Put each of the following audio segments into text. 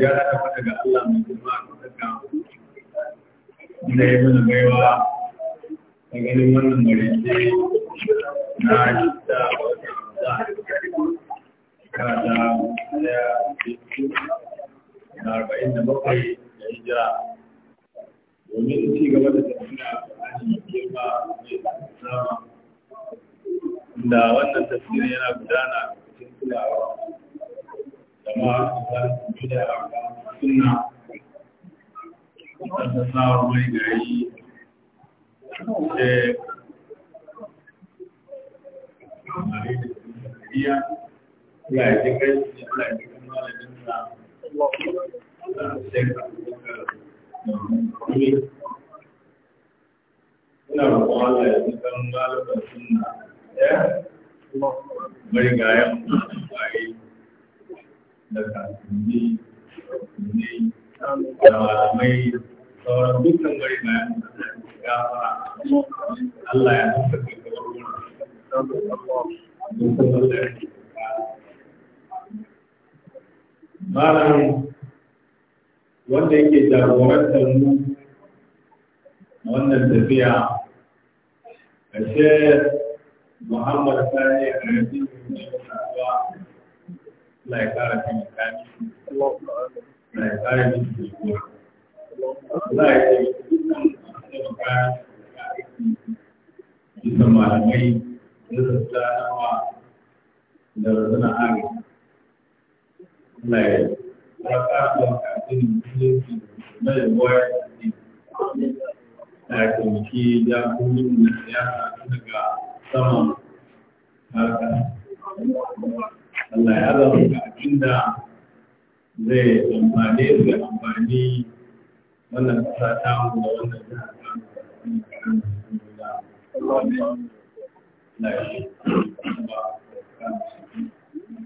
ya haɗa ga Allah mai girma mana baiwa a ganin wannan marece na shida wata da arba'in da bakwai ìfúláwà lórí rẹ̀ yìí jẹ́ ìyá ìyá ìdíkẹ́ malam wanda yake jagorantar mu a wannan tafiya a muhammad sani a yanzu kasuwa na ya kara kan kani na ya kara min jikuwa na ya ce dukkan masu da razana ari Allah ya ya ƙasa wa kafin musulunci da da goya da ya taimaki jagororin na siyasa daga saman haka Allah ya zama ga abinda zai amfani da amfani wannan kasa ta mu da wannan jihar ta mu da wannan karan da da Allah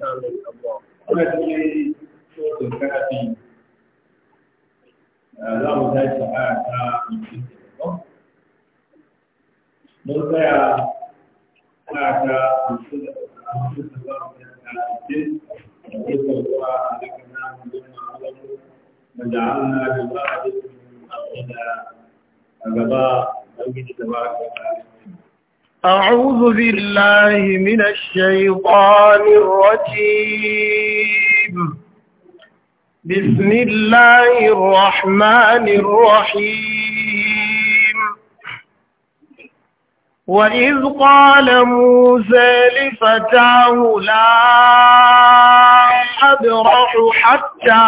الذي صوت الكافي له ذات ساعة من ساعة ساعة من وجعلنا ببعض من أقل أجباء أو من تبارك وتعالى أعوذ بالله من الشيطان الرجيم بسم الله الرحمن الرحيم وإذ قال موسى لفتاه لا أبرح حتى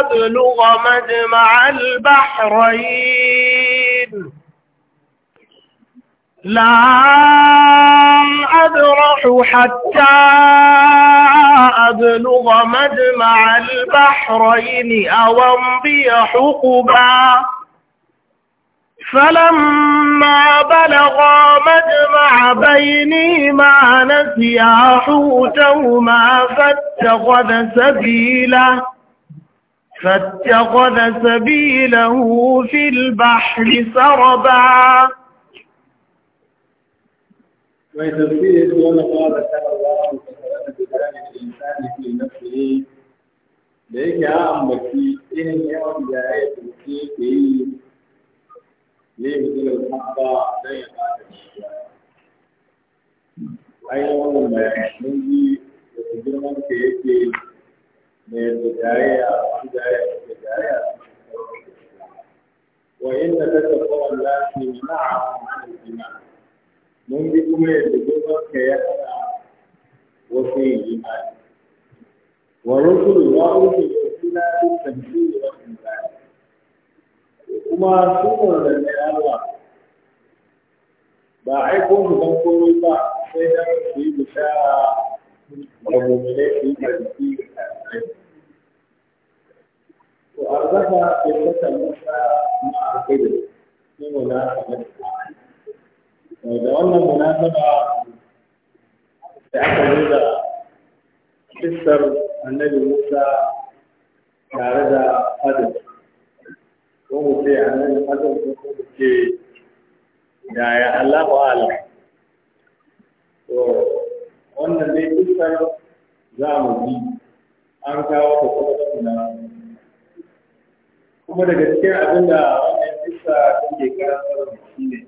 أبلغ مجمع البحرين لا أبرح حتى أبلغ مجمع البحرين أو أمضي حقبا فلما بلغا مجمع بينهما نسيا حوتهما فاتخذ سبيله فاتخذ سبيله في البحر سربا وتفسير يقول قال تعالى الله تعالى بكلام الإنسان في نفسه ليك أمتي إن يوم جاءت فيه ليبذل الحق لا أي يوم ما يحمي وتجرم كيكي من البداية بداية بداية وإنك تقول لا في منعهم عن الإيمان mun bi kuma yadda girman ka ya hana wasu yin imani wa rusulu wa rusulu suna yin tamshi da wasu imani kuma su da ne Allah ba aiko mu dan komai ba sai da su yi bishara ga mu'mine su yi tarbi to arzaka ke kasance ma'a kai da ne na kamar da wannan munasaba da aka zo da kissar annabi Musa tare da Adam ko mu ce annabi Adam ko mu ce da ya Allahu alam to wannan dai kissar za mu bi an kawo ta kuma suna kuma daga cikin abin da wannan kissa take karantar shi ne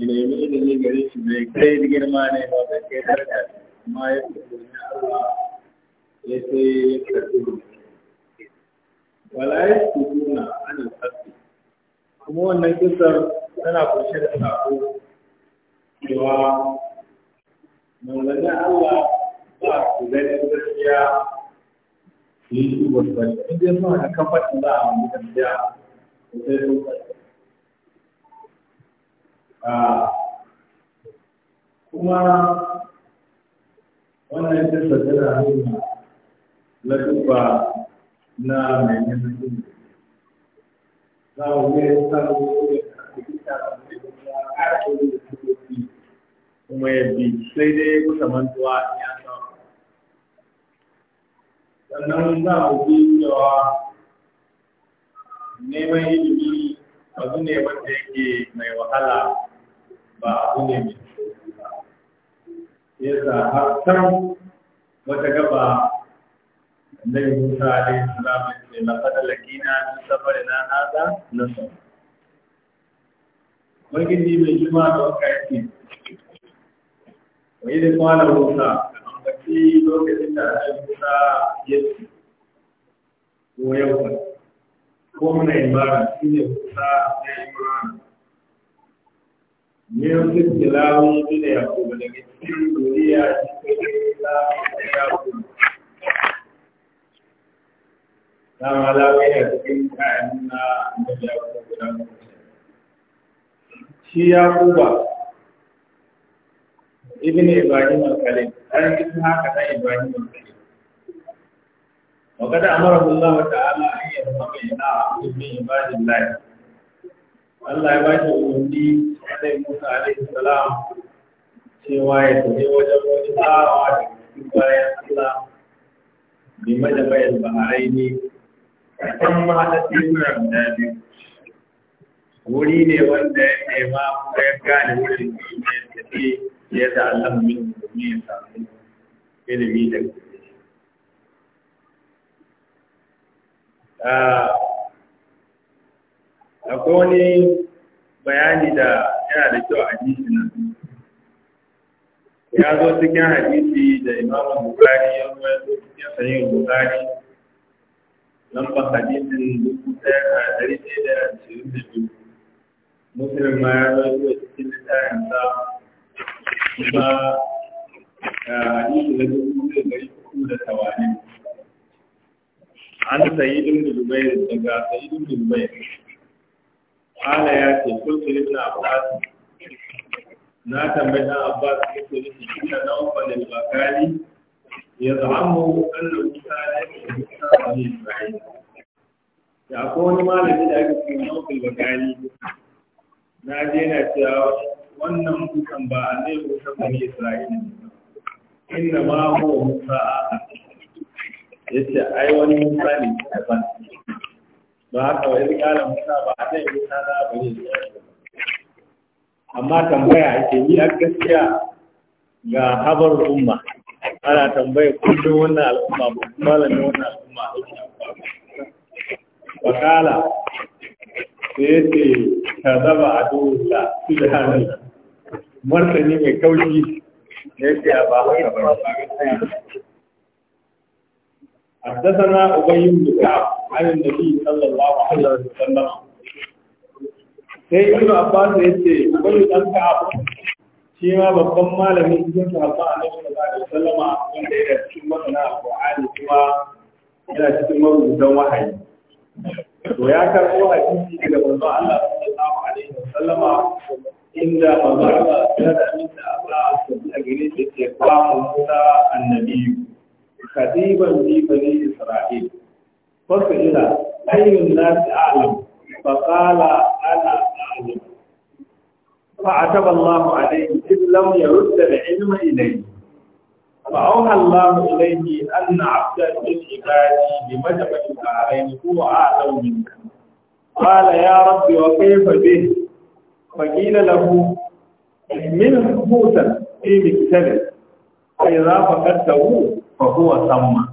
ya nemi ilimi gare shi bai kai ne kai ne Allah ya ya kuma wannan kisar tana kunshe da sako cewa manzannin ba su ganin gaskiya su yi shi wasu in dai suna da kamfanin za a mutu gaskiya sai sun karbi kuma wannan kisa tana nuna laduba na mai yanzu za mu yi sarrafa kuma ya bi sai dai kusa mantuwa ya samu sannan za a bi cewa neman ilimi abu ne wanda yake mai wahala ba abu ne mai ya sa har can wata gaba annabi Musa alaihi salam na ce la qad lakina min na hadha nasab magidi mai juma da waka yake wai da kwana Musa an baki lokacin da annabi Musa ya ce ko yau ko muna imara shine Musa ya imara Yusuf Jilawi bin Yakubu daga cikin zuriya cikin da Dama cikin kayan na da da Shi Ibrahim ɗan cikin haka ɗan Ibrahim al-Khalil. وقد أمره الله yi أن يتقي إلى عبد من عباد Allah ya ba shi umarni sai Musa alaihi salam cewa ya tafi wajen wani tsawa da cikin bayan Allah bi mada bayan bahari ne kan mahaɗa tsibirar guda biyu wuri ne wanda ya nema ya gane wuri ne ya tafi ya da Allah min domin ya samu ilimi da gaske. Ah, akwai wani bayani da yana da kyau a jisi nan ya zo cikin hadisi da imamu bukari ya zo cikin sahihin bukari lambar hadisin dubu ɗaya a ɗari ɗaya da ashirin da biyu musulun ma ya zo zuwa cikin littafin sa kuma eh, hadisi da dubu ɗaya da da tawanin an sayi ɗin da dubai daga sayi ɗin da dubai ala ya ce kun tuli na abbas na tambayi na abbas ya ce ni shi na wanda da bakali ya zama annabi ta da Musa ne Ibrahim ya ko wani malami da ake cewa Nawfal Bakali na je na cewa wannan kusan ba a ne kusan wani Isra'ila Inda ma huwa Musa ce ai wani Musa ne daban ba haka wa yanzu kala musa ba a zai yi na ba ne amma tambaya ake yi a gaskiya ga habar umma ana tambaya kudin wannan al'umma ba ne wannan al'umma a ba wakala da ya ce ta zaba a dosa su da hannu martani mai kaushi da ya ce a ba haka ba حدثنا أبي بن كعب عن النبي صلى الله عليه وسلم sai ibn abbas ya ce ubayyu dan ka'ab shi ma babban malami cikin sahabba annabi sallallahu alaihi wasallam wanda ya cikin masana alqur'ani kuma yana cikin marubutan wahayi to ya karbo hadisi daga manzo Allah sallallahu alaihi wasallama inda manzo Allah ya da aminta Allah a gare shi ya ce qamu Musa annabiyyu khadiban bi bani isra'il fasa ila ayyun nas a'lam fa qala ana a'lam fa ataba Allah alayhi id lam yurd ilma ilayhi فأوحى الله إليه أن عبدا من عبادي بمجمع البحرين هو أعلم منك قال يا رب وكيف به فقيل له منه موسى في مكتبه فإذا فقدته fahuwa samma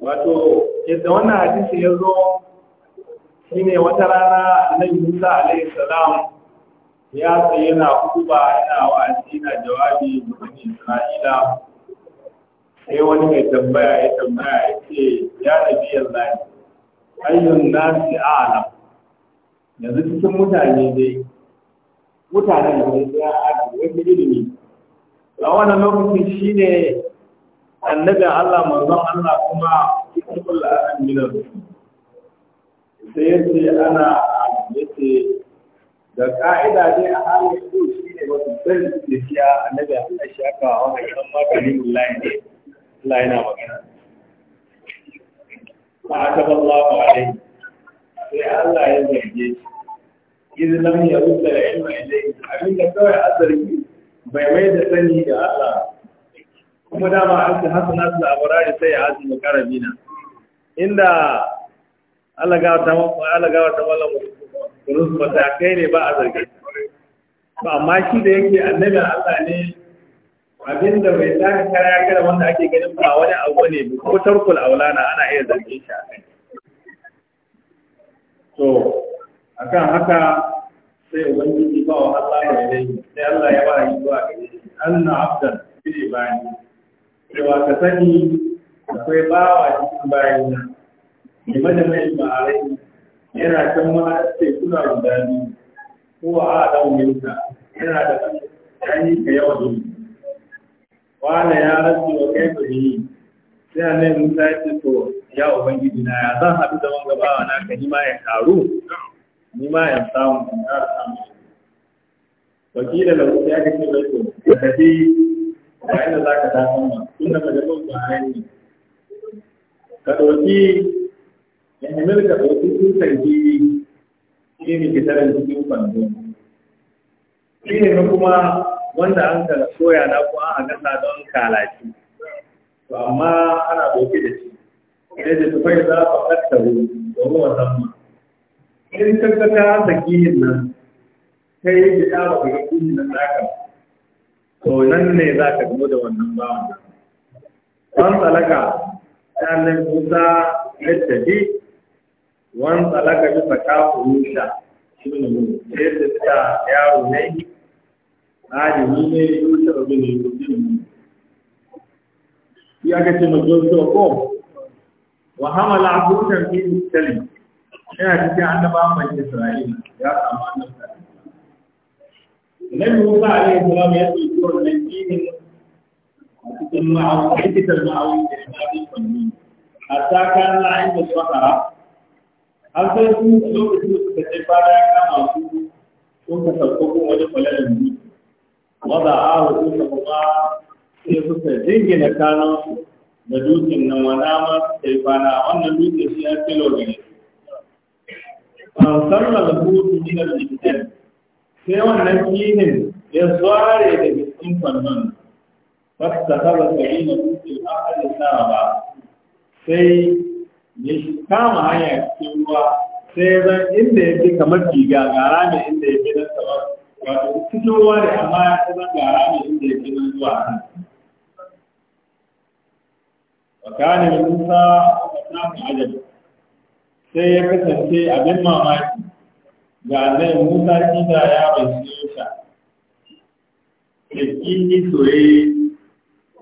wato yadda wannan hadisi ya zo shi ne wata rana annabi Musa alaihi salam ya tsaye na kuba yana wa'azi na jawabi ga bani Isra'ila sai wani mai tambaya ya tambaya ya ce ya nabi Allah ayyun nasi a'lam yanzu cikin mutane dai mutanen da ya aka wani ilimi a wannan lokacin shine annabin Allah manzon Allah kuma ina kulla an sai yace ana yace da ka'ida dai a halin su shi ne wasu da siya annabi Allah shi aka maganin yana magana Allah alaihi sai Allah ya zarge shi idan lam yarudda ilma ilayhi abinda bai mai da sani ga Allah kuma dama an ce hasana su labarari sai ya azumi karabina inda Allah gawa ta malamu kurus kai ne ba a zargi ba amma shi da yake annabin Allah ne abinda bai taka kara ya kada wanda ake ganin ba wani abu ne ko tarkul aulana ana iya zarge shi a kai to akan haka sai ubangiji ba wa Allah ya dai sai Allah ya ba shi zuwa gare shi Allah abdan bi bani cewa ka sani akwai bawa cikin bayina game da mai ma'arai yana can ma ce kuna guda biyu ko a ɗan minta yana da ɗanyi ka yawa dole wala ya rasu wa kai ba yi sai a nan musa ya ce to ya ubangiji na ya zan haɗu da wanga bawa na ka nima ya karu nima ya samu na samu wakilin da ya kace mai to ka tafi ga inda za ka dafa ma inda majalun ba ne ka ɗauki ya himar ka ɗauki tutar jiri shi ne ke tarin cikin kwanzo. shi ne kuma wanda an ka soya na kuma a gasa don kalaci to amma ana ɗauke da shi idan da tufai za a ƙattaro domin wasan ma in ka ga ka saki nan kai da ɗawa ga kuɗin da za ka to nan ne za ka gamu da wannan bawan wan tsalaka ɗanin musa ya tafi wan tsalaka bisa kafu rusha shi ne mu sai da ta yaro ne ɗalimi ne rusha da ne rusha ne ya ga ce mu zo oh, ko wa hamala abukan fi mutali yana cikin annabawan Isra'ila ya samu annabawan Annabi Musa alaihi salam ya ce ko wannan dinin a cikin ma'auni kitar ma'auni da imamin fanni hatta kan la'in da sakara an sai su lokacin da suka ce fara ya kama su ko ka sarkakon wani falalin ne wadda a wasu da sai suka jingina kanansu da dutsen nan wana ma suka yi kwana wannan dutsen shi ya kilo da ne. Fansar da hutu ne sai wannan kinin ya zare da jikin kwallon wata haɓa gari na dutse a halitta ba sai ya kama hanya cikin ruwa sai ya zan inda ya fi kamar giga gara ne inda ya fi nan sama wato cikin ruwa ne amma ya fi zan gara ne inda ya fi nan zuwa nan wakanin musa a kasan ajab sai ya kasance abin mamaki ga zai musa kisa ya rasu sa da kini soye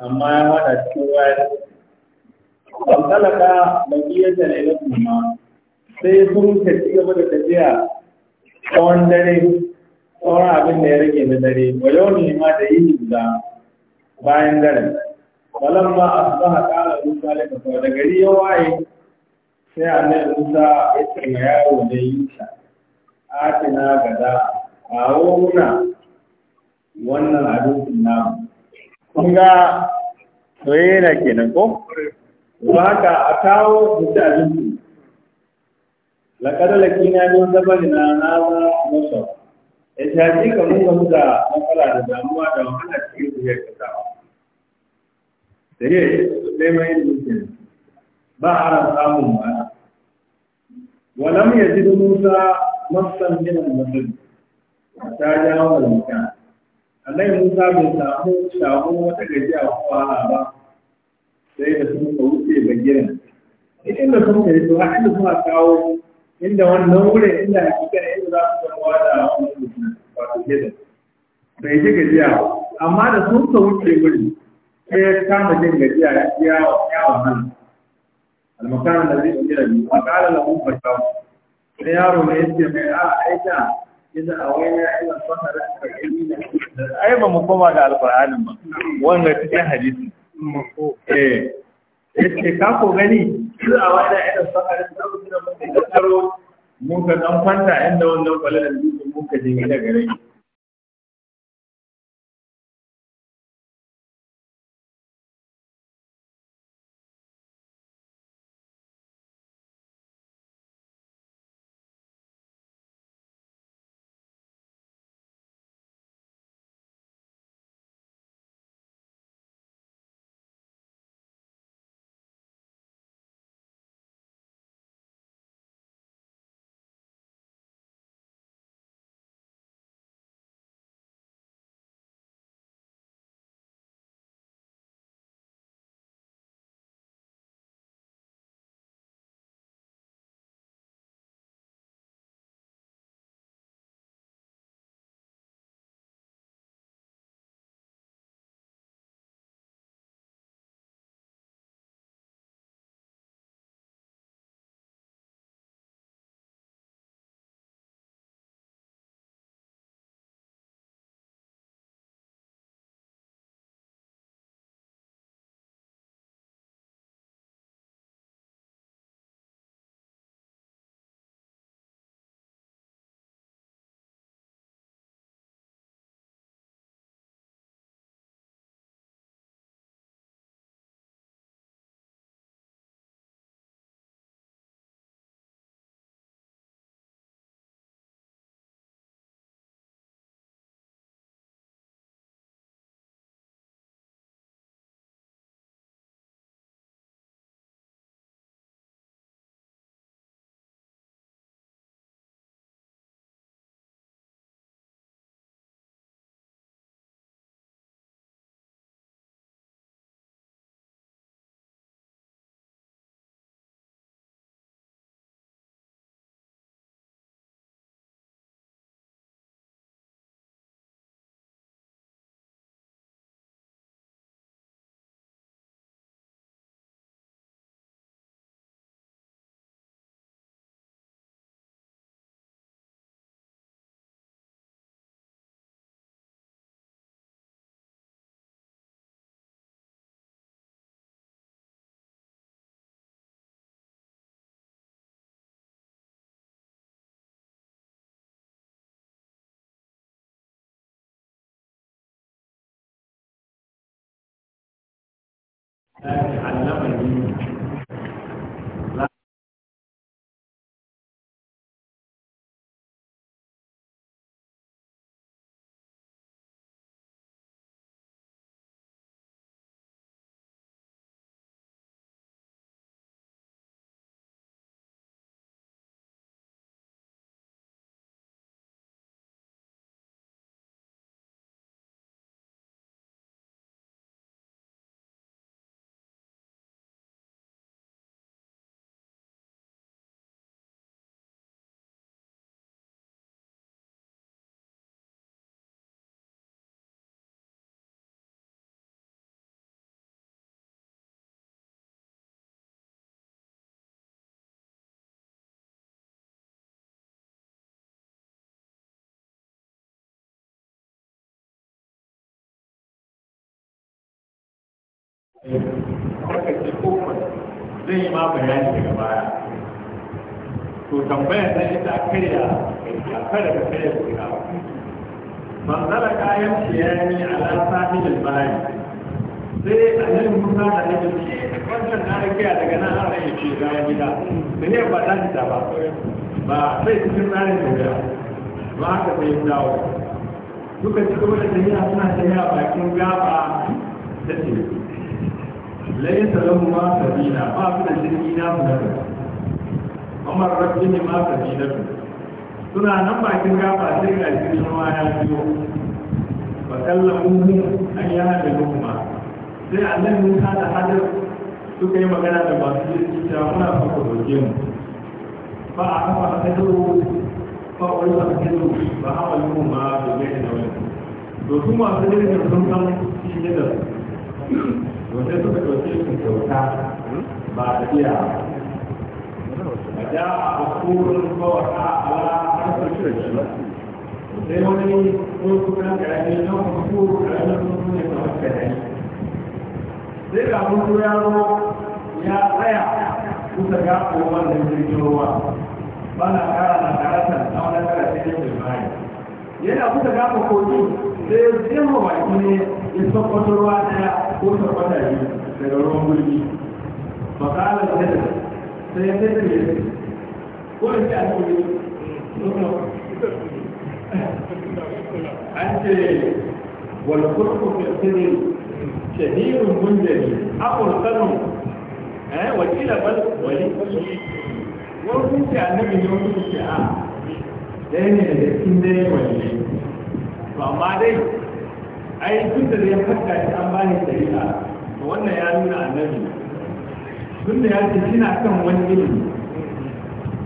amma ya hada cikin wayar tsalkalaka da kiyar da na ilasu ma sai sun ka ci gaba da tafiya tsawon dare tsawon abin da ya rage na dare wa yau ne ma da yi guda bayan dare balan ma a su zaha kala musa da kasuwa da gari ya waye sai a nan musa ya ce yaro da yi sa atina gada a muna wannan abincin namu kun ga soyayya kenan ko ba haka a kawo mutu abinci lakadala kina ne zabari na na masa ya ce hakika mun gamu da matsala da damuwa da wahala cikin zuciyar kasa dare sai mai mutum ba a samun ba walam yazidu musa masan min mutum ta jawo da mutan Allah Musa bai samu shawo wata gajiya a kwana ba sai da sun ka wuce ga gidan idan da sun kai to har da suna kawo inda wannan wurin inda hakika inda za su zama da wannan wato gidan bai ji gajiya amma da sun ka wuce wurin sai ya kama jin gajiya ya yawa yawo nan المكان الذي da zai gida ne wa sai yaro ne yace mai a aita idan a wani ya ila fahara da gani ai ba mu koma ga alqur'anin ba wannan cikin hadisi eh yace ka ko gani idan a wani ya ila fahara da gani da mun ka dan kwanta inda wannan kwalalan mun ka je gida gare shi ta ce allama ne haka ce kofar zai yi ma bayani daga baya to tambayar na ita a karya a kada ka karya su ga manzala kayan shiyani ala sahilin bayan sai a nan musa da nake ce wannan na rakiya daga nan an rage ce bayan gida da ne ba dan da ba ba sai cikin tsarin tafiya ba haka sai ya dawo duka cikin wani jami'a suna tafiya bakin gaba da teku laisa lahu ma sabila ba su da jirgi na su daga kamar rabbi ne ma sabila suna nan bakin gafa sai ga jirgin ruwa ya biyo ba kallamu an yi hada lukuma sai annabi Musa da Hajar suka yi magana da masu jirgi ta muna fako doke mu ba a kafa a kadoro ba wani ba kadoro ba a wani kuma domin da wani to su masu jirgin sun san shi ne da su sai suka ɗauke shi kyauta ba a iya a da a kurin kawata a sai wani tsohon karami na kuku karamin tsohon ne kamar karami sai ga mutu yaro ya tsaya kusa ga kowane jirgin ruwa ba na kara na karatar na wani karatar yadda bayan yana kusa gafa kogi da ya zama baki ne ya tabbata ruwa daya ko tabbata biyu daga ruwan gulbi ba ka ala da hada sai ya sai da ya ko da shi a cikin an ce wal kurku fi sirri shahirun munjari aqul sanu eh wakila bal wali wani kun ce annabi ne wani kun ce a ɗaya ne da cikin dai wanne to amma dai ai tun da ya farka shi an ba ni shari'a to wannan ya nuna annabi tun da ya ce kina kan wani ilimi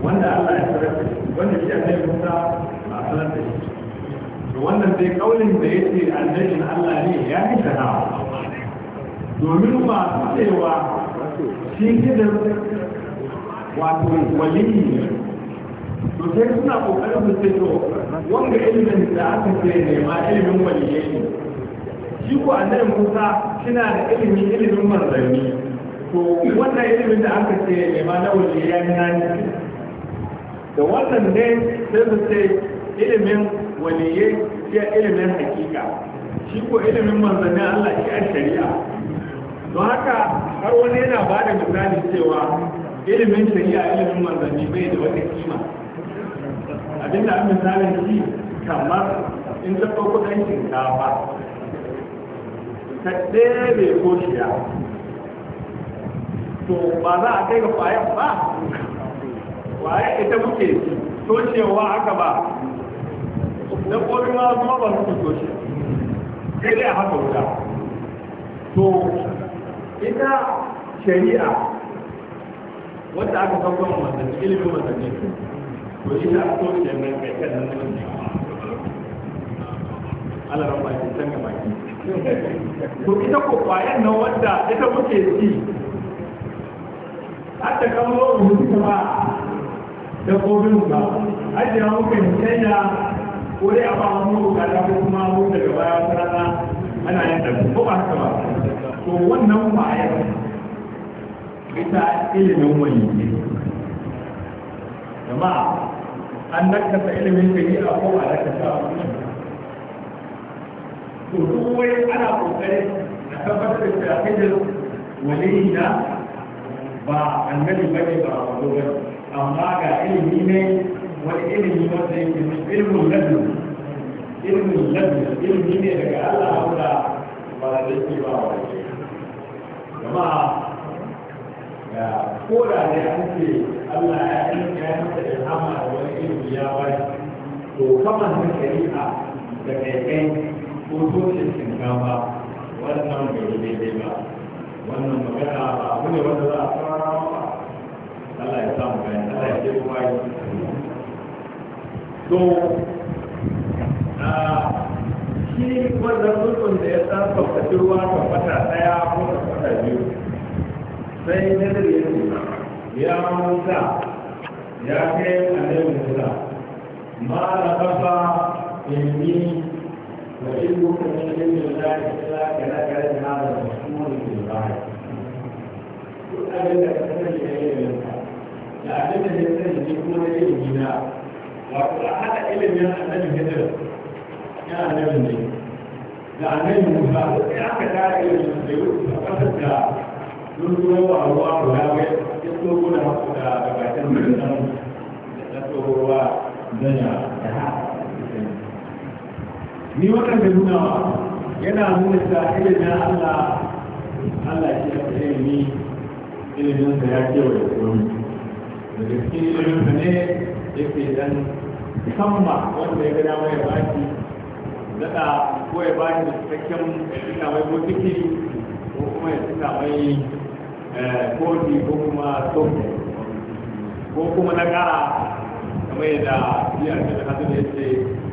wanda Allah ya tsara wanda shi annabi Musa ba a tsara shi to wannan dai kaulin da yake na Allah ne ya fi shahara domin ba su cewa shi gidan wato waliyi to sai suna kokarin su sai to wanda ilimin da aka ce nema ilimin waliyyai ne shi ko annabi Musa suna da ilimin ilimin manzanni to wannan ilimin da aka ce nema na waliyai na ne da wannan ne sai su ce ilimin waliyai ya ilimin hakika shi ko ilimin manzanni Allah shi a shari'a don haka har wani yana ba da misali cewa ilimin shari'a ilimin manzanni bai da wata kima abin da misali misalin shi kamar in zaɓo kuɗin shinkafa ta ɗebe ko shiya to ba za a kai ga ƙwayar ba ƙwayar ita muke tocewa haka ba na ƙorin ma kuma ba su toce sai dai a haka wuta to ita shari'a wadda aka kafa wannan ilimin wannan ne to shi da so ke nan kai kan nan ne ala ran baki san ga baki to ita ko kwayan nan wanda ita muke ci hatta kamar rubutu ba da gobin ba ajiya muka yi canja ko dai a ba mu bukata ko kuma mu daga baya wata ana yin ɗan ko ba haka ba to wannan kwayar ita ilimin wani ne jama'a an nakasa ilimin ka yi a ko a nakasa to duk wai ana kokari a tabbatar da shahidin waliyi na ba annabi bane ba wazo ba amma ga ilimi ne wani ilimi wanda yake ilmin ladu ilmin ladu ilimi ne daga Allah wanda ba da yake ba wa jama'a da koda ne an ce Allah ya yi ya masa da hama da wani ilimi ya bai to kamar da shari'a da kai ko toshin shinkafa wannan bai daidai ba wannan magana ba abu ne wanda za a fara Allah ya samu bayan Allah ya ce kuma yi to shi wannan mutum da ya tsarkaka ruwa kan wata daya ko kan wata biyu sai nazar ya nuna ya musa ya kai annabi musa ma la kafa inni wa ilmu ka min ilmi la illa kana kana hada mashhur bil bahr duk abin da ka sani da ilimin ka da abin da ya sani ne kuma da ilimin na wato a haɗa ilimin annabi hijira ya annabi ne da annabi musa duk ya aka tara ilimin da yau a ƙasar da sun zo wa ruwa ko ya bai ya tsogo da haku da gabatar da nan da tsogowa zanya da ha ni wannan da nuna yana nuna ta ilimin allah allah shi da ni ilimin sa ya kewaye komi da gaske ilimin sa ne yake dan samma wanda ya gada ya baki daɗa ko ya baki da cikakken ya cika mai ko ciki ko kuma ya cika mai Eh, kofi ko kuma sofi ko kuma na kara kamar yadda biya ce da hasu da ya ce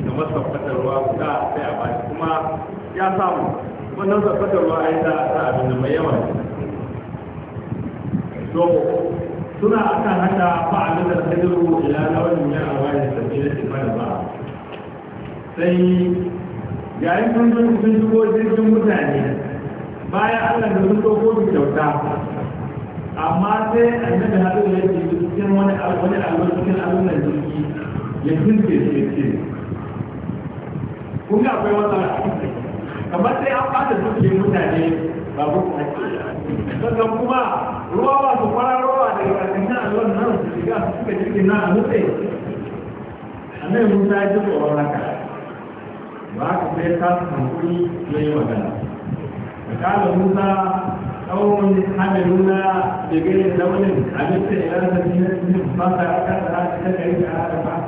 da masabbatar ruwa guda sai a bashi kuma ya samu wannan sabbatar ruwa ya yi ta abin da mai yawa to suna akan haka fa'alin da sadiru ila na wani ya awa da sabbi da timar ba sai yayin sun shigo jirgin mutane bayan allah da sun ɗauko kyauta amma sai a yi da haɗu da yake cikin wani wani alwar cikin alwar jirgi ya tunke shi ya ce kun ga akwai matsala kamar sai an fada suke mutane ba ku ake sannan kuma ruwa ba su kwararowa daga ƙarfin na alwar nan su shiga su suka cikin na a nutse annabi musa ya ji tsoron haka ba ka sai ka hankuri ya yi magana da kala musa قوم حملون بغير لون عجبت الى المدينه ما تركت هذه الكلمه على بعض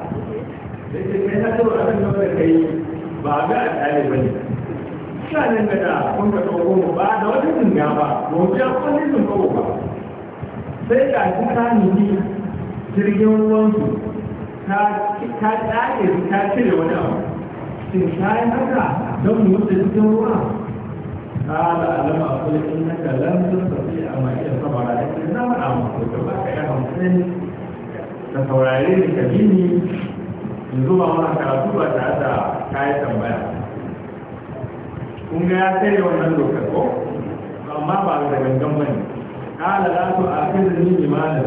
لكن كيف تقول ان هذا كي بعد الالف sanin da da kun ka tsoro ba da wani zunga ba gobe a kwanin sun kawo ba sai ga shi ka nemi jirgin ruwansu ta tsage cire wani abu shin yi haka don mu mutu jirgin ruwa قال ألم أقول إنك لن تستطيع معي صبرا إنما أمرك بك يا لك ديني yanzu ba mana karatu ba tare da kayan tambaya kun ga ya tsaye wannan ko amma ba da gangan bane kala a ni ma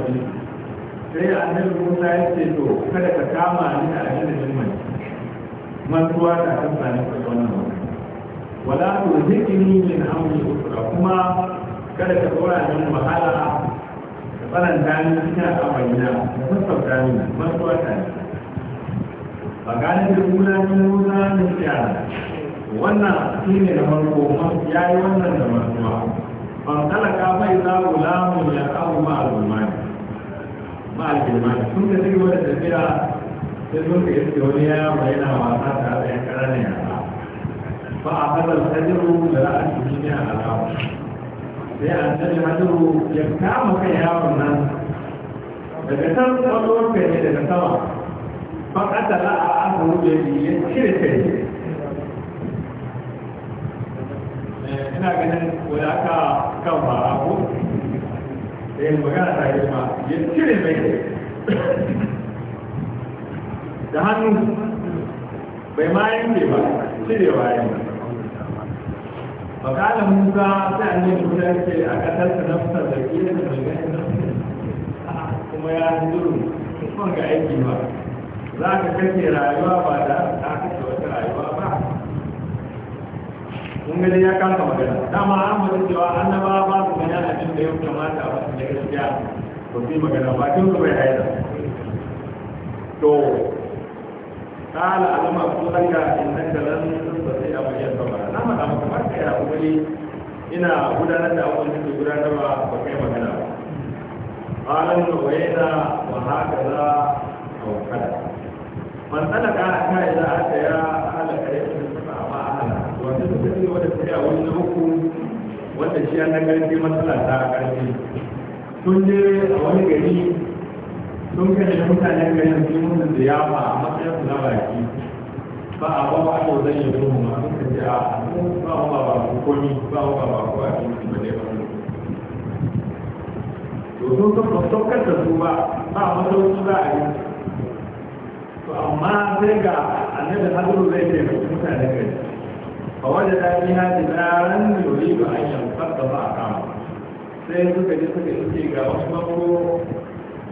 sai annabi Musa ya ce to kada ka kama ni da ajin da mai mantuwa ta kan sani wannan wala zikri min amri ukra kuma kada ka dora min wahala ka tsananta ni cikin al'amarina ka sassauta ni masuwa ta ba gane da kula ni musa ni ya wannan shi ne na farko ya yi wannan da masuwa ban talaka bai za mu ya kawo ma al'ulmani ma al'ulmani sun ka cigaba da tafiya sai mun ka iske wani yaro yana wasa ta da yan ƙananan ba a fara sajiru da za a cikin yana alawa sai an sani hajjuru ya kama kan yawon nan daga kan tsawon kai ne daga sama ban asala a aka wuce ya cire kai ina ganin wadda aka kan fara ko da yin magana ta yi ma ya cire mai da hannu bai ma yanke ba cirewa yanzu فقال موسى سألني موسى أقتلت نفسا زكية بالغير kuma ya zuru kuma ga aiki ba za ka kashe rayuwa ba da ta kashe wata rayuwa ba kun gani ya kasa magana dama an mutu cewa annaba ba su gani abin da ya kamata ba magana ba to kala alama ko daga innan da ran ba sai a bayyana ba na maka maka ba a wuri ina gudanar da abubuwan gudanarwa ba kai magana ba قالوا روينا وهكذا او كذا فانطلق حتى اذا اتى اهل كريم السماء واهلها وتذكر وتذكر ونهكم wanda shi an nan karfi matsala ta karfi sun je a wani gari sun kashe mutanen garin sun mutu da ya fa a matsayin su na baki ba a ba ba ko zai yi zuwa ma sun kashe a ba mu ba ba ku komi ba mu ba ba ku a cikin ba dai ba to sun san ba saukar da su ba ba masauki za a yi to amma sai ga annabi hadu zai ce ga mutanen garin a wajen daji na jinaran yori ba a yi yankan da ba a kama sai suka je suka ce ga wasu mako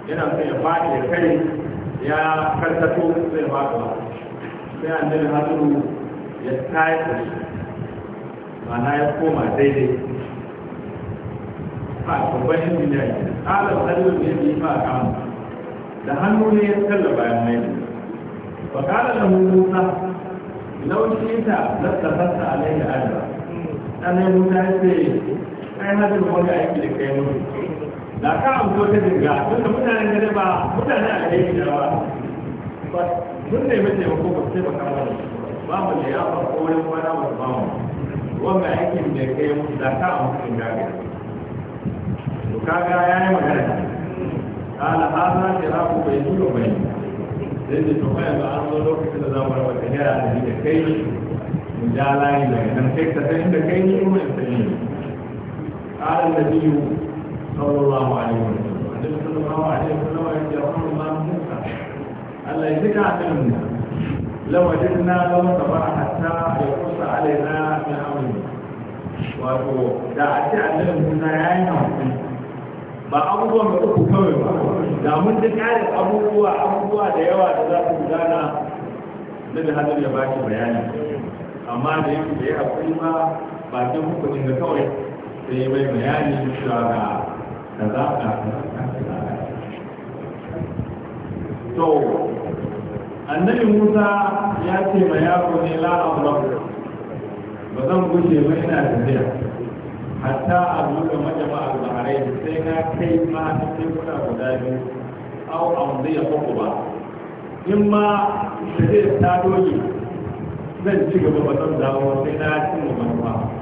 yana son ya faɗi ya kai ya karkato zai ba ka sai annabi hasuru ya tayar da shi ma'ana ya koma daidai a babban shi ne tsarin hannun ne bai ba kama da hannu ne ya tsalla bayan mai ba kala da musa lauci ta lattafasta alaihi adaba ɗanai musa ya ce kai hajjar wani aiki da kai mutu da ka amso ta dinga tunda mutanen gari ba mutane a gare da ba sun nemi taimako ba sai ba kama da ba mu da yawa ko wani kwana ba ba mu wanda aikin da ka yi musu da ka amso ta dinga ga to kaga ya yi magana ala hasa ta ra ku bai yi ba ne sai da to kai ba an zo lokacin da za mu raba ta hira da ni da kai mu ja layi da nan kai ka san inda kai ni mu in sani قال النبي sallallahu alaihi wa sallam annabi sallallahu alaihi wa sallam ya ce Allahumma musa Allah ya zika akan law wajadna law sabara hatta yaqusa alaina min amri wato da a ce annabi ya yi hankali ba abubuwan da uku kawai ba da mun ji ƙarin abubuwa da yawa da za su gudana na da hadar ya ba bayani amma da da ya ma bakin hukumin da kawai mai bayani a ga to annabi musa ya ce ma yaro ne la abrahu ba zan gushe ba ina tafiya hatta a majama a zaharai sai na kai ma a cikin kuna guda biyu au a wanzu ya uku ba in ma da zai ta doge zan ci gaba ba zan dawo sai na cin manufa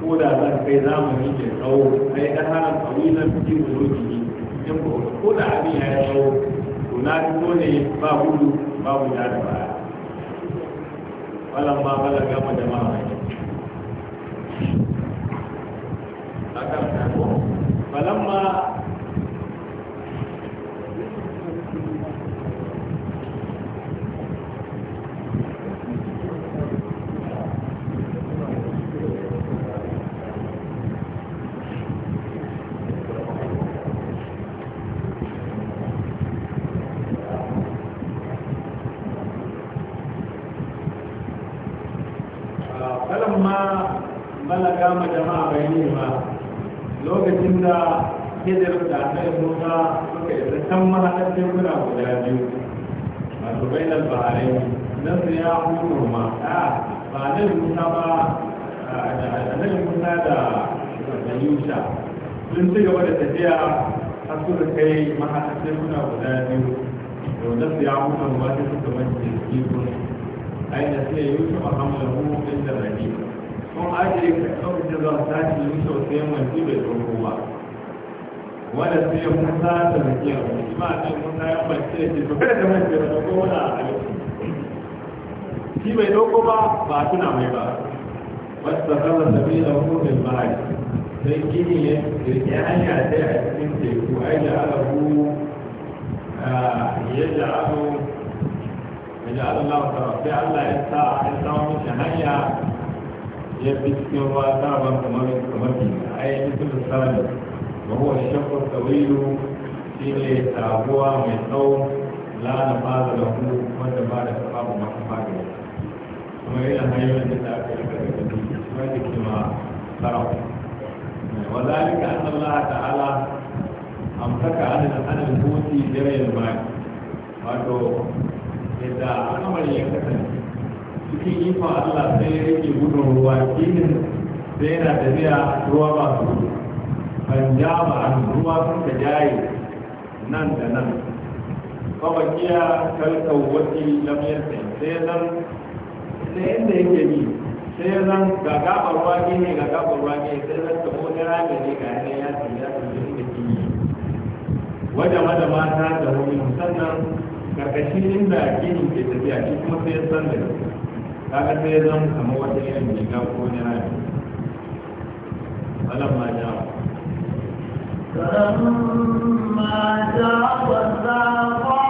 ko da za ka kai zamani ke tsawo kai da haram kawilan cikin zuruki in ko da abin ya yi tsawo to na fito ne ba gudu ba mu da baya falan ma bala gama da ne a kan ko falan ma ba lokacin da hidir da yi musa suka yi can mahaɗar tekuna guda biyu wato bainal baharai na su ya ma a ba yi musa ba a yi musa da da yusha sun ci gaba da tafiya har suka kai mahaɗar tekuna guda biyu yau na su ya ma ta suka mace yi tekuna aina yi yusha mahamman hu inda rahim kun ajiye ka kawai za ta ci yi sosai wanzu bai zama ba wanda su yi kusa da zakiya wani a bace da ke tafiya da mai ko wani a halittu shi doko ba ba a tuna mai ba wasu ta kalla sabi da hukumin bahari sai gini ya hanya ta a cikin teku ai da alabu ya ja'alu ya ja'alu Allah ta sai Allah ya sa ya samu hanya ya fi cikin ruwa dama kamar kamar bi a yi mutum misali wa huwa shakku tawilu shi ne taguwa mai tsawo lana fara da ku wanda ba da kafa ba maka fara da kuma yana hanyoyin da aka yi daga gani wanda ke ma sarau Allah أن الله تعالى أمسك عن البوت جري الماء wato yadda al'amari ya kasance cikin ifa Allah sai ya rike gudun ruwa ginin sai yana tafiya ruwa ba su ban ja ba an ruwa sun ka jaye nan da nan fabakiya kalkau wasi lamiyar sai sai zan sai inda yake ni sai zan ga gabar ruwa gini ga gabar ruwa gini sai zan ta wani rami ne ga yanayi ya ce ya ya ce ya yi wajen wada mata da wani sannan karkashin inda gini ke tafiya shi kuma sai san da kaga sai zan kamar wata irin riga ko wani rami falan ma ja فلما جاوزا قال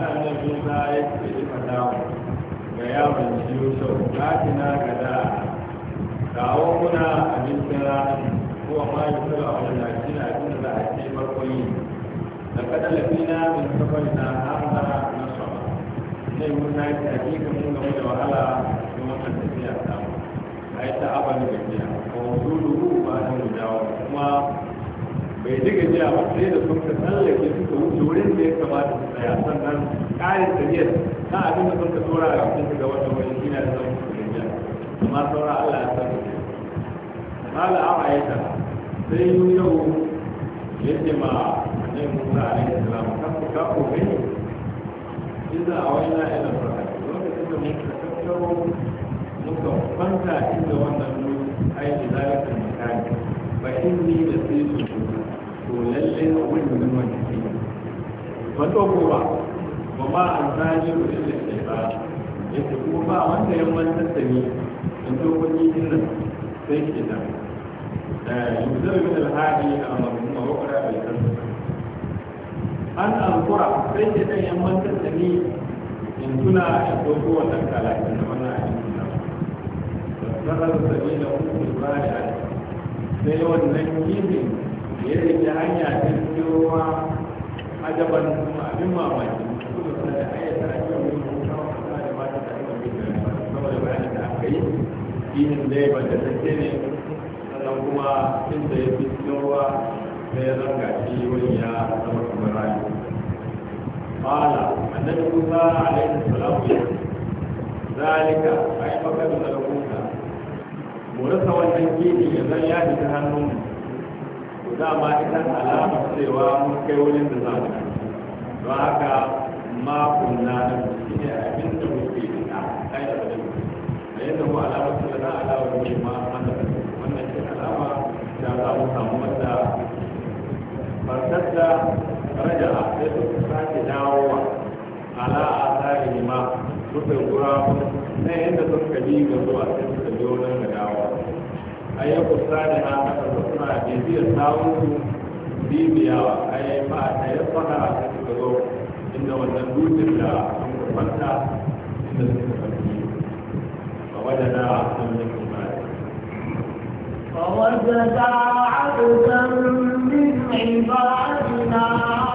musa ya yi ifa dawo ga yaron yusuf katina ga da kawo muna abincin rani ko ma yi sura a wani lafi na abin da za a ce farko yi da kada lafina min safar na hamza na sama sai musa ya ce hakika mun gamu da wahala da wannan tafiya samu a yi ta abin da gajiya ko wudu ba da mu dawo kuma bai ji gajiya a sai da sun ka tsallake ka wuce wurin da ya kamata su tsaya sannan ƙarin tariyar na abin da sun ka tsora a cikin shiga wata wani shi na da zama su gajiya amma saura Allah ya san su da awa ya ta sai yi yau ya ce ma ne musa a yi da kan ku ka ko gani inda a wani na ina farka lokacin da muka tattaro muka kwanta inda wannan aiki zalikin mutane in inni da sai su lalle a wani nan wani ne ba to ko ba ba ma an zani ko da ke ba yake kuma ba a wanda 'yan manta da ni in to ko ni din nan sai ke da eh, yuzar min alhadi a mabuwa wa kura bai san an alkura sai ke da yan manta da ni in tuna in to ko wannan kalakin da wannan ajin da ba sarar sabila ko ba ya sai wannan yin da ya rike hanya ta cewa ajaban kuma abin mamaki kuma suna da ayyata a cikin wani kawo kuma da mata ta yi da kuma da bayan da aka yi dinin zai bada take ne sannan kuma inda ya fi cewa sai ya zanga shi wani ya zama kamar rayu قال النبي موسى عليه السلام ذلك أي فقد ملكوتا ya والتنكيل إذا ta تهنم dama ita alama cewa mun kai wurin da za mu don haka makon na da shi ne abin da muke yi a kai da wajen da yadda mu alama cewa na alamar mu ma an da wannan ce alama ta za mu samu wanda farkasta raja a sai su sake dawowa ala a tsari ne ma rufin gura na yadda suka yi ga zuwa sai suka biyo nan da dawowa a yi kusa da na haka da suna bibiyar sawunsu bibiyawa a yi ba a yi fana a cikin gado inda wannan dutsen da sun kurfanta inda suka karfi a wajen da sun yi kuma فوجد عبدا من عبادنا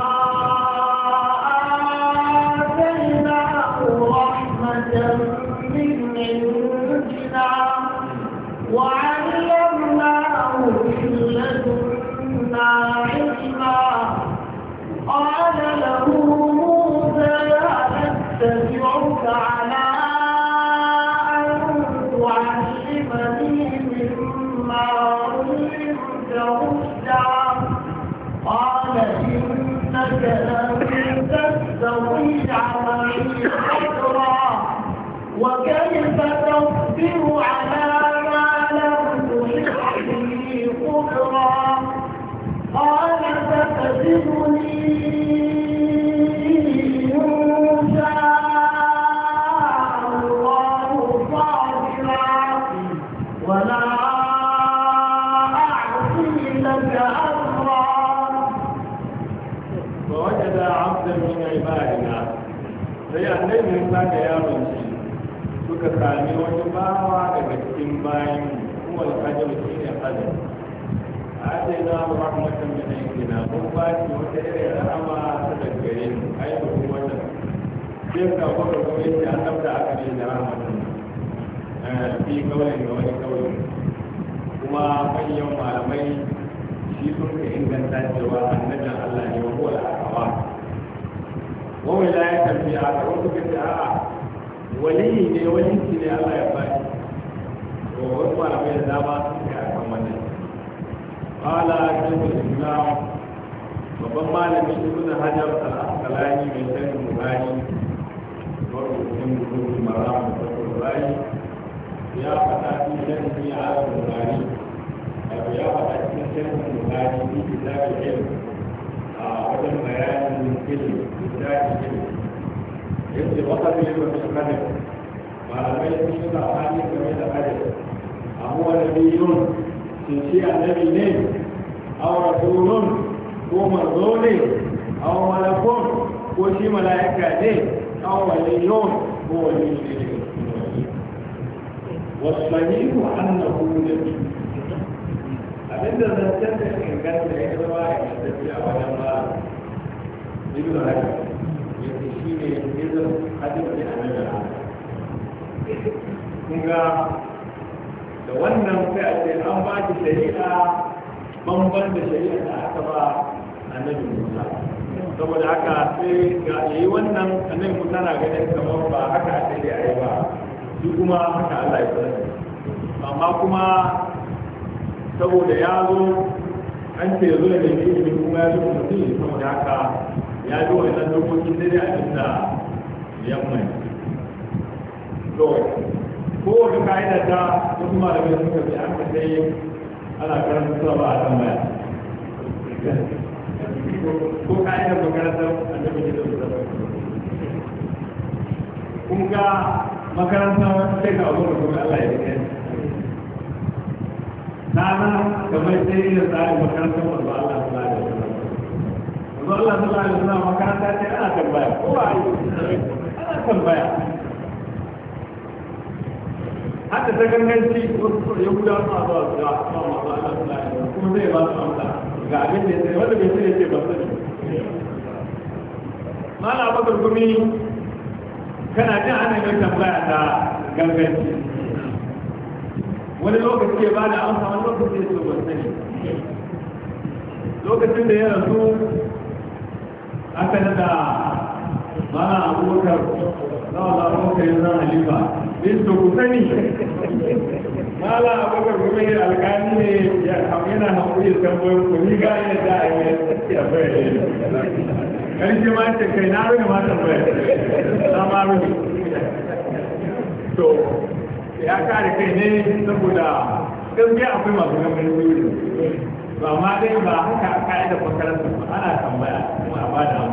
هو الحجر شيء حجر آتيناه رحمة من عندنا مبات وتأتي رحمة تذكرين أي هو تلك قول قويس أن نبدأ به رحمة في قول وغير قول kuma manyan malamai shi sun ka inganta cewa annabin Allah ne wa huwa al-akawa wa wilayatan fi a wasu kace a'a waliyi ne waliyi ne Allah ya bani وهو ما بين دابا كمان قال شيخ الإسلام babban malami ibn hajar al-asqalani mai sanin buhari marubucin bukukin maram da buhari ya faɗa cikin sharhi a buhari abu ya faɗa cikin sharhin buhari fi kitabul ilm a wajen bayanin ilm kitabul ilm yace wa qad ilmu fi qadar malamai sun yi zafani game da hadis abu wani biyun sun ce annabi ne aw rasulun ko manzo ne aw malakun ko shi mala'ika ne aw waliyun ko wani ne والصحيح أنه نبي abinda zan canza inganta ya zama a tafiya wajen ba ibn hajar yake shi ne ya zama hadin da annabi kuma da wannan kai a ce an ba shi shari'a banban da shari'a da aka ba annabi musa saboda haka sai ga yayi wannan annabi musa na ganin kamar ba haka a ce da ba su kuma haka Allah ya sanar amma kuma saboda ya zo an ce ya zo da mai ilimin kuma ya zo da mutum saboda haka ya zo wannan dokokin dare a inda yamma to kowace ka'ida ta wasu malamai suka ce an sai ana karanta sura ba a tambaya ko ka'idar makarantar annabi ne da musamman kun ga makarantar sai ka abu da kuma Allah ya rike sana kamar sai da tsarin makarantar wanda Allah ya rike Allah sallallahu alaihi makaranta ce ana tambaya ko ba ana tambaya hada ta ganganci wasu yahuda suna zuwa su ga kuma masu ala suna kuma zai ba su amsa ga abin da ya sai wanda bai sai ya ce ba su ne mala bakar gumi kana jin ana yin tambaya ta ganganci wani lokaci ya ba da amsa wani lokaci ya ce ba su ne lokacin da ya rasu aka nada mana abubakar na wala abubakar yanzu halifa bisu ku sani mala abubakar kuma yin alkali ne yana hankuli tambayar ku ni ga da a yi ya bayyana karshe ma ce kai na rufe ma tambayar na ma rufe to ya kare kai ne saboda gaskiya akwai masu gamin duniya ba ma dai ba haka a ka'idar makarantar ba ana tambaya kuma a bada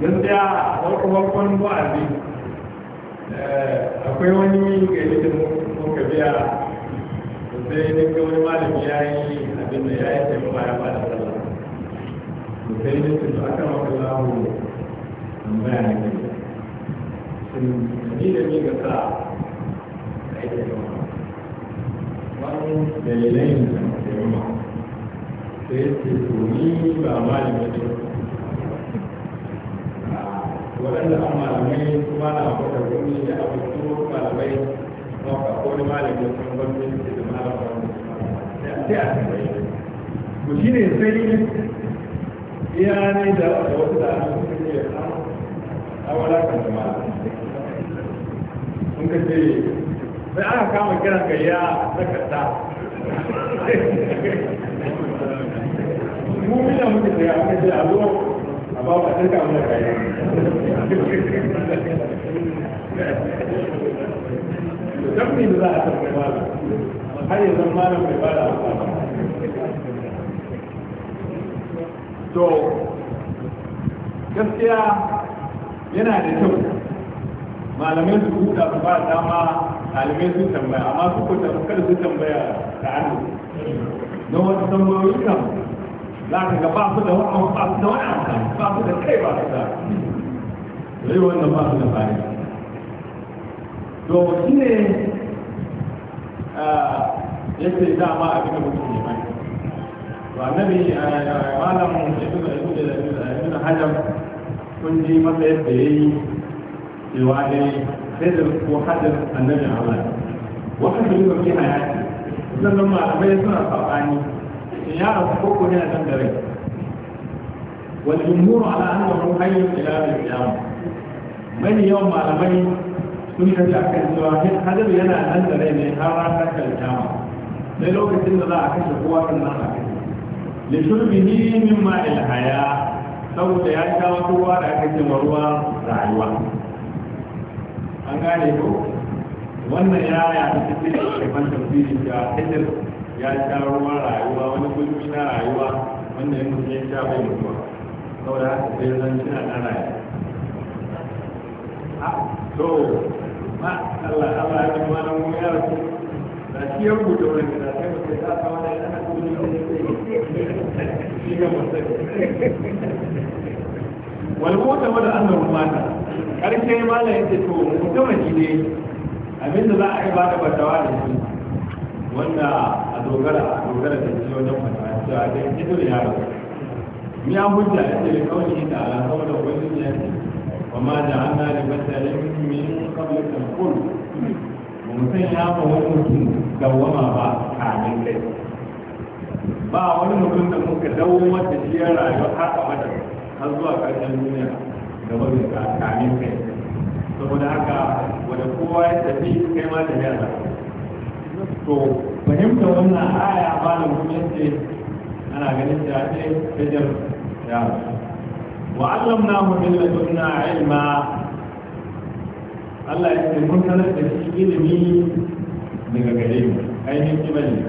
gaskiya farko farkon wa'azi eh, akwai wani gari da muka biya sai ne ga wani malami ya yi abin da ya yi sai kuma ya bada sallah to sai ne su ta kama kallahu tambaya ne ke sun ni da ni ga sa da ake yawa wani dalilai da ma sai ce to ni ba malami ne waɗanda an malamai kuma na kwata gumi da abubuwan malamai na kakon malamai sun gwamnati da da malamai sai a tambaye ku shi ne sai iya ne da wasu da an suke a wadatar da malamai sun ka ce sai aka kama kiran gayya takarda mu mila muke da ya muke a abuwa amma ba ta kamu da kayan tafi da za a tafi ba har yanzu mana mai ba da to gaskiya yana da kyau malamai su huta su ba dama ɗalibai su tambaya amma su ko kada su tambaya da hannu don wasu tambayoyi kan za ka ga ba su da wani ba su da wani amfani ba su da kai ba su da zai wannan ba su da fa'ida to shi ne yake dama abin da mutum ne mai to annabi malam ibnu ibnu hajar kun ji masa yadda yayi cewa dai hajar ko hajar annabi Allah wa hajjar ko fi hayati sannan malamai suna sabani ya rasu koko ne a والجمهور على أنه حي إلى القيامة من يوم ما من سنة أكل سواهد هذا بينا أن لين هذا تك القيامة للوك سنة لا أكل قوة النار لشربه من ماء الحياة سوف تياشا وقوة أكل مروى رعيوة أن قال يقول wannan يا ya ta cikin shekwan ya sha ruwan rayuwa wani gulbi na rayuwa wanda ya mutu ya sha bai mutuwa saboda haka sai zan tuna na rayu ah, to ma Allah Allah ya kuma Na mu ya rasu da shi ya rubuta wani da sai mutum ya wani ana shi ya mutum wal mota wala annahu mata karshe ya yace to mutum ne abinda za a yi ba da batawa da shi wanda a dogara a dogara da shi wajen fata cewa dai ido da yaro ni an hujja a cikin kawai da ala saboda wani ya ce wa ma da an na da bata da min kamar da kun ba mu san ya ba wani mutum dawama ba kamin kai ba wani mutum da muka dawo da shi ya rayu har abada har zuwa ƙarshen duniya da wani kamin kai saboda haka wanda kowa ya tafi kai ma da yara to fahimta wannan aya ba da muhimmanci, ana ganin ta ce fajar ya wa allamna mu min ladunna ilma Allah ya ce mun sanar da shi ilimi daga gare mu ainihin kibani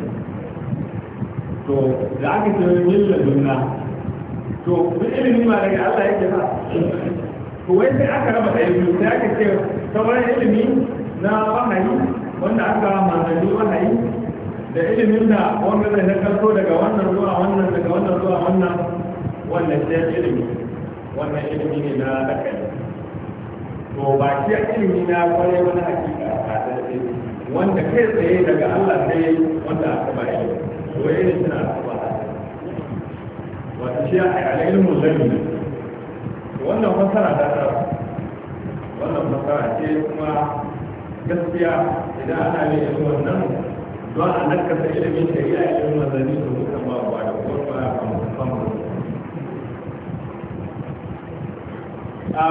to da aka ce min ladunna to duk ilimi ma daga Allah yake ba to wai sai aka raba da ilimi sai aka ce sauran ilimi na wahayi wanda aka manzanni wahayi da ilimin da wanda zai na karto daga wannan zuwa wannan daga wannan zuwa wannan wannan shi ilimi wannan ilimi ne na dakali to ba shi ilimi na kwarai wani hakika a tsaye wanda kai tsaye daga Allah sai wanda aka ba shi to irin suna ba wata shi a ilimin lalmi wannan fasara ta wannan fasara ce kuma gaskiya idan ana ne yanzu wannan don a nakasa ilimin shari'a ilimin mazani da muka ba wa da kuma ba a musamman a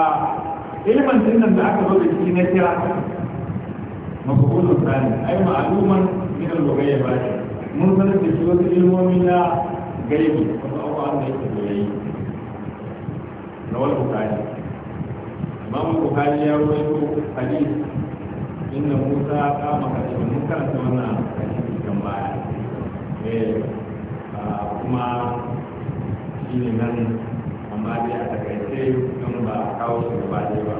ilimin dinnan da aka zo da shi na kira mafukulun sani ai ma'aluman min al-lugayya ba shi mun sanar da shi wasu ilmomi na gaibi kuma abubuwan da yake da yayi na wal bukari imam bukari ya rawaito hadisi inda musa ya kama kashe mun karanta wannan kashe kan baya eh, kuma shi ne nan amma dai a takaice don ba kawo shi gaba dai ba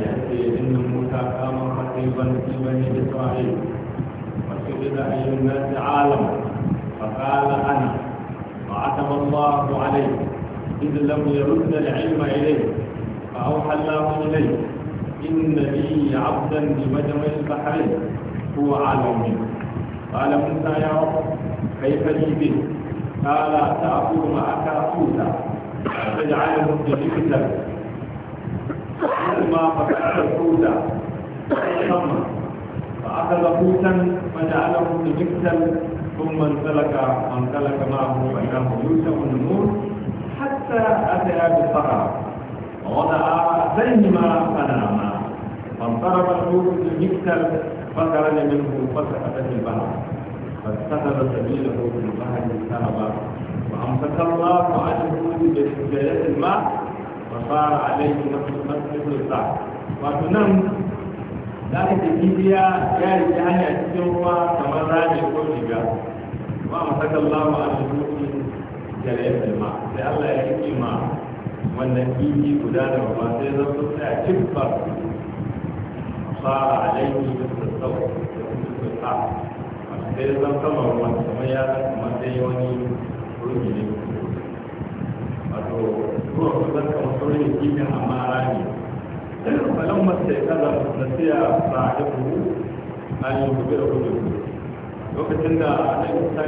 ya ce inda musa kama kashe ban shi ban da sa'i wasu ila ayyun nasi alam فقال انا وعتب الله عليه اذ لم يرد العلم اليه فاوحى الله اليه إن لي عبدا بمجمع البحرين هو عالم منه قال موسى يا رب كيف لي به قال تأكل معك حوتا فاجعله جديدا ثم فتحت الحوت فأخذ حوتا فجعله جديدا ثم انسلك انسلك معه بينه يوسف النور حتى أتى بالصحراء ووضع بينهما فنام فانطرف الحوت المكتل فخرج منه فسقطت البحر فاتخذ سبيله في البحر سهبا فامسك الله عن الحوت بجلد الماء فصار عليه نفس مسجد الساعه وتنم za ka ce kibiya ya yi ta cikin ruwa kamar rami ko shiga ba mu saka Allah a cikin sai Allah ya rike ma wannan kibi guda da ba sai zan so sai a صار عليه مثل الصوت مثل الحق sai zan kama ruwan kamar ya kamar dai wani rumi ne wato ruwan su zan kama saurin kifin amma rami falon masu ya kaza na siya sahibu an yi gobe da gobe lokacin da nan ta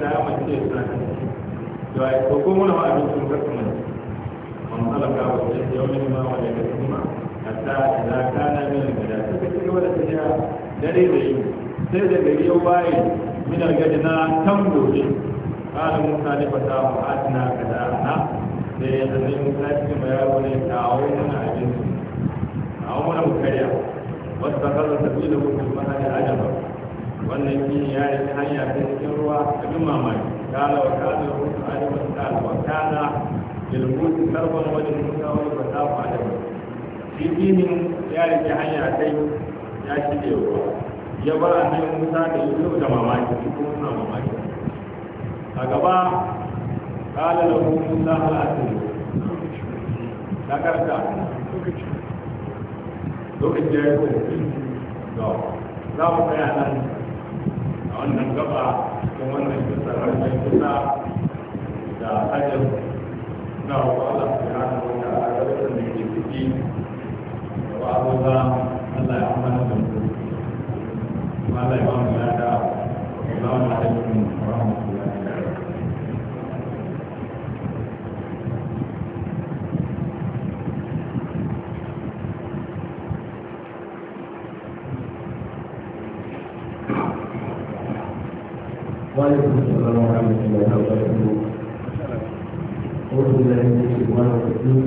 da wato ya ko ko muna ma abin sun kasu mun alaka ba wa sai yawmin ma wa da kuma hatta idza kana min al Ta ce ci wala da tafiya dare da yi sai da gari yau bayi min al-gada na kan gobe قال موسى لفتاه آتنا كذا Sai ya zane musa cikin bayarwa ne kawo mana abin kawo mana mukarya wasu ta kasa tafi da hukun mana da adama wannan shi ya yi hanya ta cikin ruwa duk mamaki قال وكان الهود عالم قال وكان للهود كربا وللموسى والفتاه عالما في دينهم يا رجع يا كي يا شديوا ya bar annabi Musa da Yusuf da mamaki kuma suna mamaki a gaba قال له موسى هل أتريد ذكرت lokacin da ya yi za mu kai a nan a wannan gaba cikin wannan kisa na kai kusa da hajjar na wala ya hana wata a ƙarfin da ke da ba a zuwa Allah ya amana da mu Allah ya ba mu lada Allah ya ba mu وعليكم السلام ورحمة الله وبركاته أعوذ بالله من الشيطان الرجيم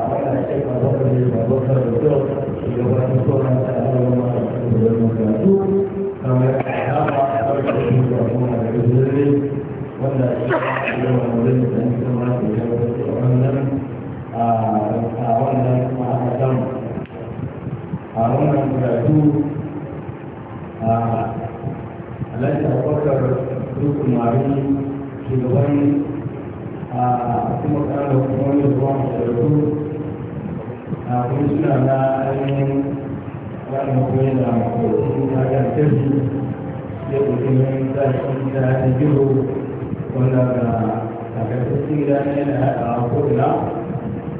أعطانا الشيخ أبو بكر أبو بكر الدكتور اللي هو الدكتور أنت أهلا وسهلا كما يعلم ولا يوم ولد أن تمر بجوز ومن أعوان مع الدم أعوان بجوز ليس أفكر دوك معي في دوين kuma kana kuma ne zuwa da rubutu a kusa na ainihin wani koyi da kowace ta gantarki ya kusa yin tashi ta ta giro wanda ga takarkarsu gida ne da haɗa a ko'ina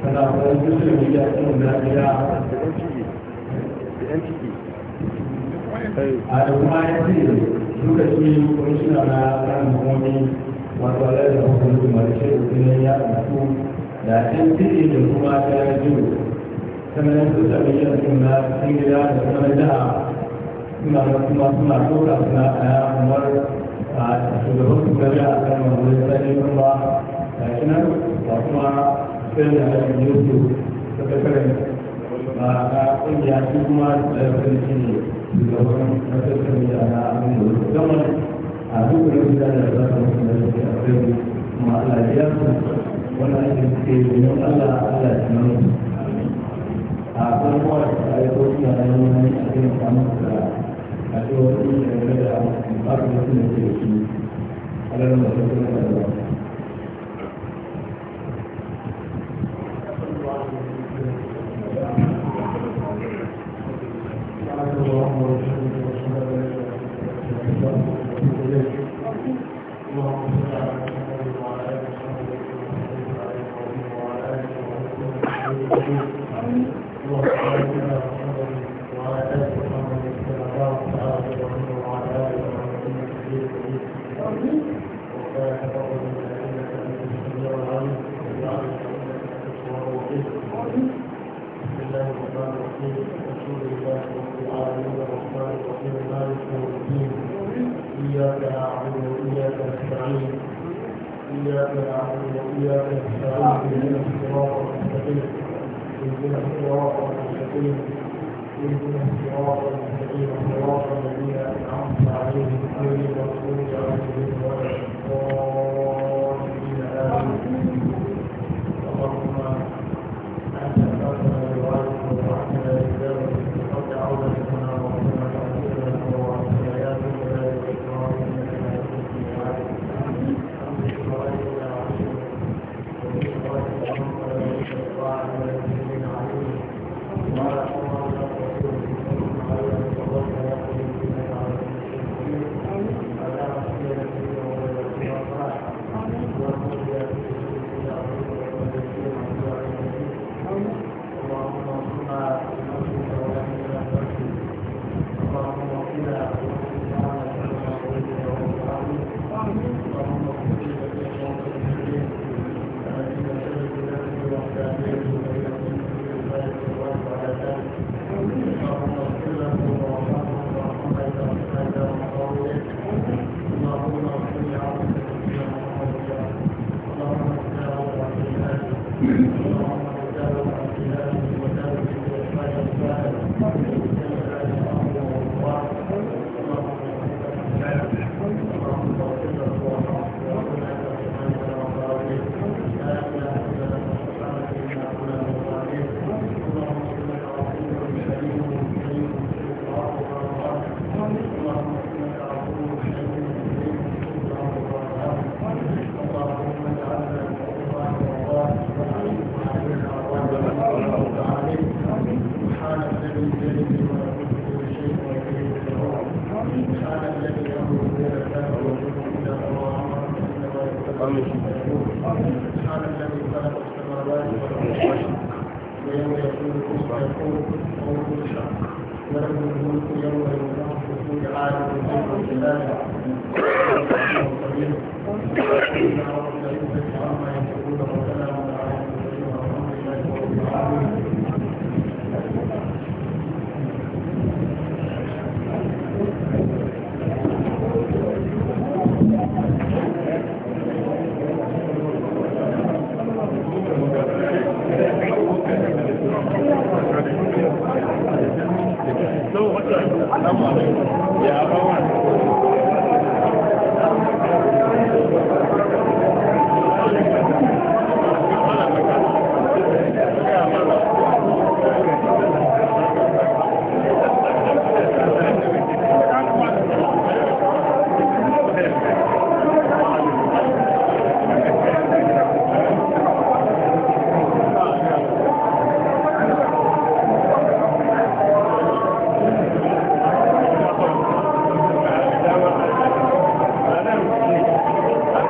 tana kuma kusa da gida ɗin da gida a da kuma ya ce duka shi kwamishina na tsarin hukumomi wato alaƙar hukumomi masu shi kusa ya ɗauku da ɗan da kuma ta giro sannan ya da shi a cikin gida da kuma da jiha suna kuma suna tura suna kaya kamar a shugaban su gari a kan wanda ya sani ba ga shi nan ba kuma sai da ake yi su ta kare ba a kungiya shi kuma da ya fi shi ne shugaban kasashen gida na abin da wasu gama a duk da gida da za su mutu da shi a kai kuma Allah ya su ake suke domin Allah abubuwa da ta aiko shi a ranar a cikin samun da a cikin da da farin da suna ke shi a ranar da suna da da Thank you. إياك نعبد وإياك نستعين إلى الصراط المستقيم اهدنا الصراط المستقيم اهدنا الصراط المستقيم صراط الذين انعمت عليهم غير المغضوب عليهم ولا الضالين امين اللهم